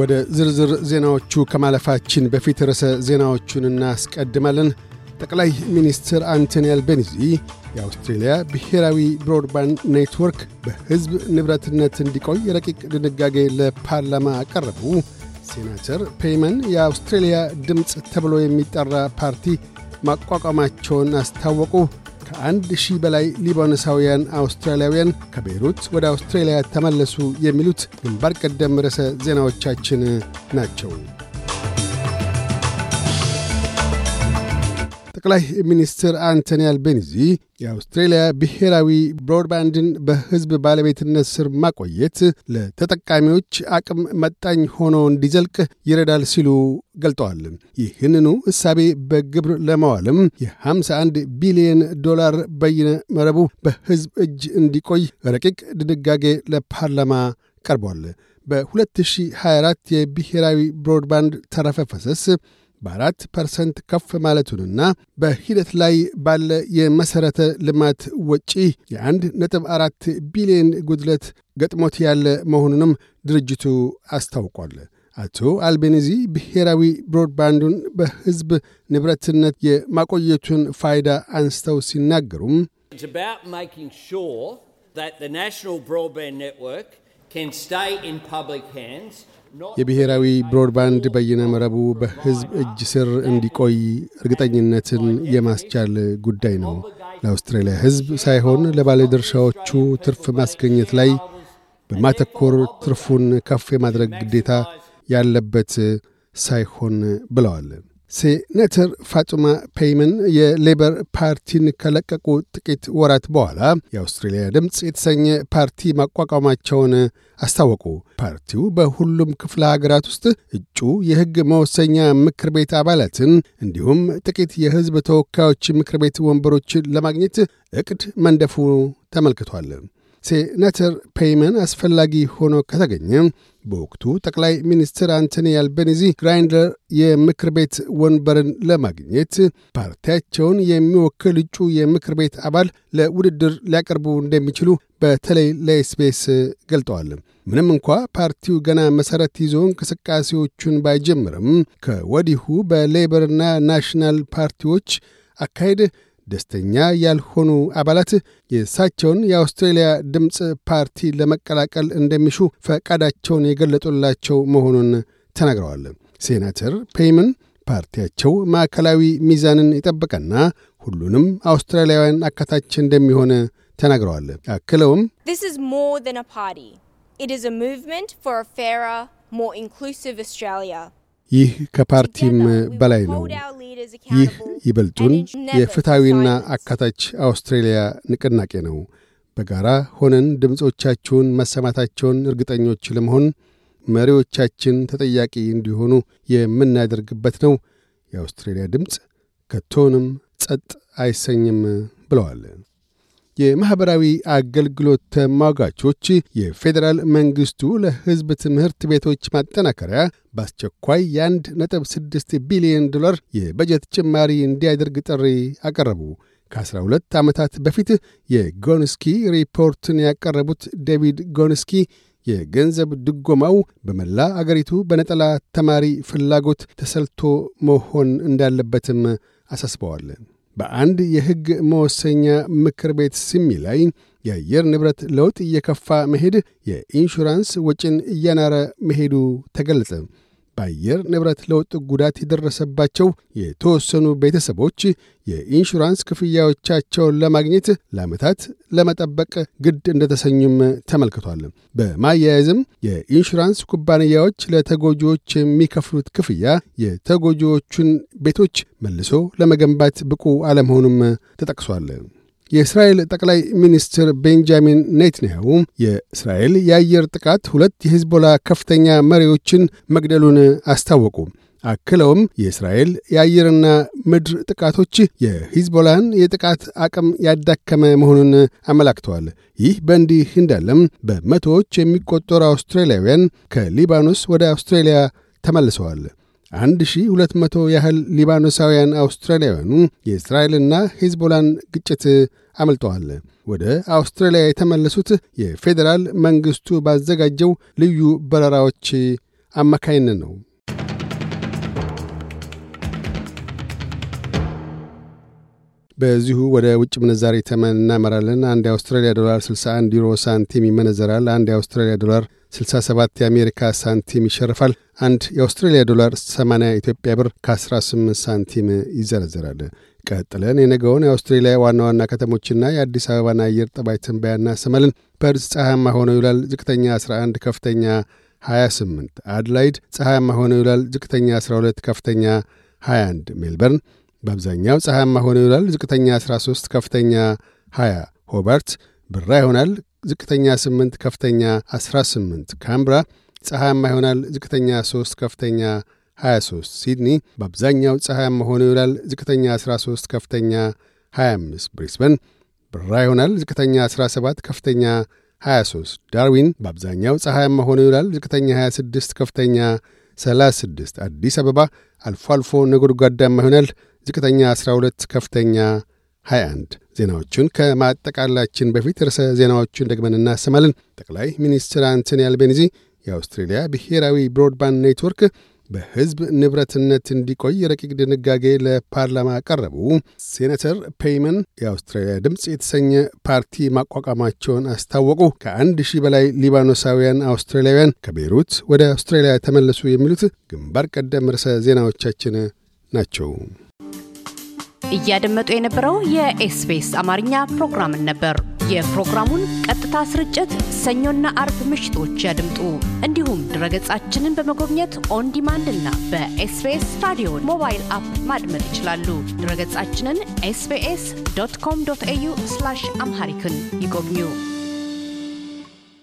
ወደ ዝርዝር ዜናዎቹ ከማለፋችን በፊት ርዕሰ ዜናዎቹን እናስቀድማለን። ጠቅላይ ሚኒስትር አንቶኒ አልቤኒዚ የአውስትሬልያ ብሔራዊ ብሮድባንድ ኔትወርክ በሕዝብ ንብረትነት እንዲቆይ ረቂቅ ድንጋጌ ለፓርላማ አቀረቡ። ሴናተር ፔይመን የአውስትሬልያ ድምፅ ተብሎ የሚጠራ ፓርቲ ማቋቋማቸውን አስታወቁ። ከአንድ ሺህ በላይ ሊባኖሳውያን አውስትራሊያውያን ከቤይሩት ወደ አውስትራሊያ ተመለሱ የሚሉት ግንባር ቀደም ርዕሰ ዜናዎቻችን ናቸው። ጠቅላይ ሚኒስትር አንቶኒ አልቤኒዚ የአውስትሬልያ ብሔራዊ ብሮድባንድን በሕዝብ ባለቤትነት ስር ማቆየት ለተጠቃሚዎች አቅም መጣኝ ሆኖ እንዲዘልቅ ይረዳል ሲሉ ገልጠዋል። ይህንኑ እሳቤ በግብር ለማዋልም የ51 ቢሊዮን ዶላር በይነ መረቡ በሕዝብ እጅ እንዲቆይ ረቂቅ ድንጋጌ ለፓርላማ ቀርቧል። በ2024 የብሔራዊ ብሮድባንድ ተረፈ ፈሰስ በአራት ፐርሰንት ከፍ ማለቱንና በሂደት ላይ ባለ የመሠረተ ልማት ወጪ የአንድ ነጥብ አራት ቢሊዮን ጉድለት ገጥሞት ያለ መሆኑንም ድርጅቱ አስታውቋል። አቶ አልቤኒዚ ብሔራዊ ብሮድባንዱን በሕዝብ ንብረትነት የማቆየቱን ፋይዳ አንስተው ሲናገሩም ናሽናል ብሮድባንድ ኔትወርክ የብሔራዊ ብሮድባንድ በይነ መረቡ በሕዝብ እጅ ስር እንዲቆይ እርግጠኝነትን የማስቻል ጉዳይ ነው። ለአውስትራሊያ ሕዝብ ሳይሆን ለባለድርሻዎቹ ትርፍ ማስገኘት ላይ በማተኮር ትርፉን ከፍ የማድረግ ግዴታ ያለበት ሳይሆን ብለዋል። ሴኔተር ፋጡማ ፔይመን የሌበር ፓርቲን ከለቀቁ ጥቂት ወራት በኋላ የአውስትሬልያ ድምፅ የተሰኘ ፓርቲ ማቋቋማቸውን አስታወቁ። ፓርቲው በሁሉም ክፍለ ሀገራት ውስጥ እጩ የሕግ መወሰኛ ምክር ቤት አባላትን እንዲሁም ጥቂት የሕዝብ ተወካዮች ምክር ቤት ወንበሮችን ለማግኘት እቅድ መንደፉ ተመልክቷል። ሴናተር ፔይመን አስፈላጊ ሆኖ ከተገኘ በወቅቱ ጠቅላይ ሚኒስትር አንቶኒ አልቤኒዚ ግራይንደር የምክር ቤት ወንበርን ለማግኘት ፓርቲያቸውን የሚወክል እጩ የምክር ቤት አባል ለውድድር ሊያቀርቡ እንደሚችሉ በተለይ ለኤስቤስ ገልጠዋል። ምንም እንኳ ፓርቲው ገና መሠረት ይዞ እንቅስቃሴዎቹን ባይጀምርም ከወዲሁ በሌበርና ናሽናል ፓርቲዎች አካሄድ ደስተኛ ያልሆኑ አባላት የእሳቸውን የአውስትሬልያ ድምፅ ፓርቲ ለመቀላቀል እንደሚሹ ፈቃዳቸውን የገለጡላቸው መሆኑን ተናግረዋል። ሴናተር ፔይመን ፓርቲያቸው ማዕከላዊ ሚዛንን የጠበቀና ሁሉንም አውስትራሊያውያን አካታች እንደሚሆን ተናግረዋል። አክለውም ይህ ከፓርቲም በላይ ነው። ይህ ይበልጡን የፍትሐዊና አካታች አውስትሬልያ ንቅናቄ ነው። በጋራ ሆነን ድምፆቻችሁን መሰማታቸውን እርግጠኞች ለመሆን መሪዎቻችን ተጠያቂ እንዲሆኑ የምናደርግበት ነው። የአውስትሬልያ ድምፅ ከቶንም ጸጥ አይሰኝም ብለዋል። የማኅበራዊ አገልግሎት ተሟጋቾች የፌዴራል መንግሥቱ ለሕዝብ ትምህርት ቤቶች ማጠናከሪያ በአስቸኳይ የአንድ ነጥብ ስድስት ቢሊዮን ዶላር የበጀት ጭማሪ እንዲያደርግ ጥሪ አቀረቡ። ከ12 ዓመታት በፊት የጎንስኪ ሪፖርትን ያቀረቡት ዴቪድ ጎንስኪ የገንዘብ ድጎማው በመላ አገሪቱ በነጠላ ተማሪ ፍላጎት ተሰልቶ መሆን እንዳለበትም አሳስበዋል። በአንድ የሕግ መወሰኛ ምክር ቤት ስሚ ላይ የአየር ንብረት ለውጥ እየከፋ መሄድ የኢንሹራንስ ወጪን እያናረ መሄዱ ተገለጸ። በአየር ንብረት ለውጥ ጉዳት የደረሰባቸው የተወሰኑ ቤተሰቦች የኢንሹራንስ ክፍያዎቻቸውን ለማግኘት ለዓመታት ለመጠበቅ ግድ እንደተሰኙም ተመልክቷል። በማያያዝም የኢንሹራንስ ኩባንያዎች ለተጎጂዎች የሚከፍሉት ክፍያ የተጎጂዎቹን ቤቶች መልሶ ለመገንባት ብቁ አለመሆኑም ተጠቅሷል። የእስራኤል ጠቅላይ ሚኒስትር ቤንጃሚን ኔትንያሁ የእስራኤል የአየር ጥቃት ሁለት የሕዝቦላ ከፍተኛ መሪዎችን መግደሉን አስታወቁ። አክለውም የእስራኤል የአየርና ምድር ጥቃቶች የሂዝቦላን የጥቃት አቅም ያዳከመ መሆኑን አመላክተዋል። ይህ በእንዲህ እንዳለም በመቶዎች የሚቆጠሩ አውስትራሊያውያን ከሊባኖስ ወደ አውስትራሊያ ተመልሰዋል። 1200 ያህል ሊባኖሳውያን አውስትራሊያውያኑ የእስራኤልና ሂዝቦላን ግጭት አመልጠዋል። ወደ አውስትራሊያ የተመለሱት የፌዴራል መንግሥቱ ባዘጋጀው ልዩ በረራዎች አማካይነት ነው። በዚሁ ወደ ውጭ ምንዛሪ ተመን እናመራለን። አንድ የአውስትራሊያ ዶላር 61 ዩሮ ሳንቲም ይመነዘራል። አንድ የአውስትራሊያ ዶላር 67 የአሜሪካ ሳንቲም ይሸርፋል። አንድ የአውስትራሊያ ዶላር 80 ኢትዮጵያ ብር ከ18 ሳንቲም ይዘረዘራል። ቀጥለን የነገውን የአውስትሬሊያ ዋና ዋና ከተሞችና የአዲስ አበባን አየር ጠባይ ትንበያ እናሰማለን። ፐርዝ ፀሐያማ ሆኖ ይውላል። ዝቅተኛ 11፣ ከፍተኛ 28። አድላይድ ፀሐያማ ሆኖ ይውላል። ዝቅተኛ 12፣ ከፍተኛ 21። ሜልበርን በአብዛኛው ፀሐያማ ሆኖ ይውላል። ዝቅተኛ 13፣ ከፍተኛ 20። ሆባርት ብራ ይሆናል። ዝቅተኛ 8፣ ከፍተኛ 18። ካምብራ ፀሐያማ ይሆናል። ዝቅተኛ 3፣ ከፍተኛ 23 ሲድኒ በአብዛኛው ፀሐያማ ሆኖ ይውላል። ዝቅተኛ 13 ከፍተኛ 25 ብሪስበን ብራ ይሆናል። ዝቅተኛ 17 ከፍተኛ 23 ዳርዊን በአብዛኛው ፀሐያማ ሆኖ ይውላል። ዝቅተኛ 26 ከፍተኛ 36 አዲስ አበባ አልፎ አልፎ ነጎድጓዳማ ይሆናል። ዝቅተኛ 12 ከፍተኛ 21 ዜናዎቹን ከማጠቃላችን በፊት ርዕሰ ዜናዎቹን ደግመን እናሰማለን። ጠቅላይ ሚኒስትር አንቶኒ አልቤኒዚ የአውስትሬልያ ብሔራዊ ብሮድባንድ ኔትወርክ በሕዝብ ንብረትነት እንዲቆይ ረቂቅ ድንጋጌ ለፓርላማ ቀረቡ። ሴኔተር ፔይመን የአውስትራሊያ ድምፅ የተሰኘ ፓርቲ ማቋቋማቸውን አስታወቁ። ከአንድ ሺህ በላይ ሊባኖሳውያን አውስትራሊያውያን ከቤይሩት ወደ አውስትራሊያ ተመለሱ። የሚሉት ግንባር ቀደም ርዕሰ ዜናዎቻችን ናቸው። እያደመጡ የነበረው የኤስቢኤስ አማርኛ ፕሮግራምን ነበር። የፕሮግራሙን ቀጥታ ስርጭት ሰኞና አርብ ምሽቶች ያድምጡ። እንዲሁም ድረገጻችንን በመጎብኘት ኦን ዲማንድ እና በኤስቤስ ራዲዮ ሞባይል አፕ ማድመጥ ይችላሉ። ድረገጻችንን ኤስቤስ ዶት ኮም ዶት ኤዩ አምሃሪክን ይጎብኙ።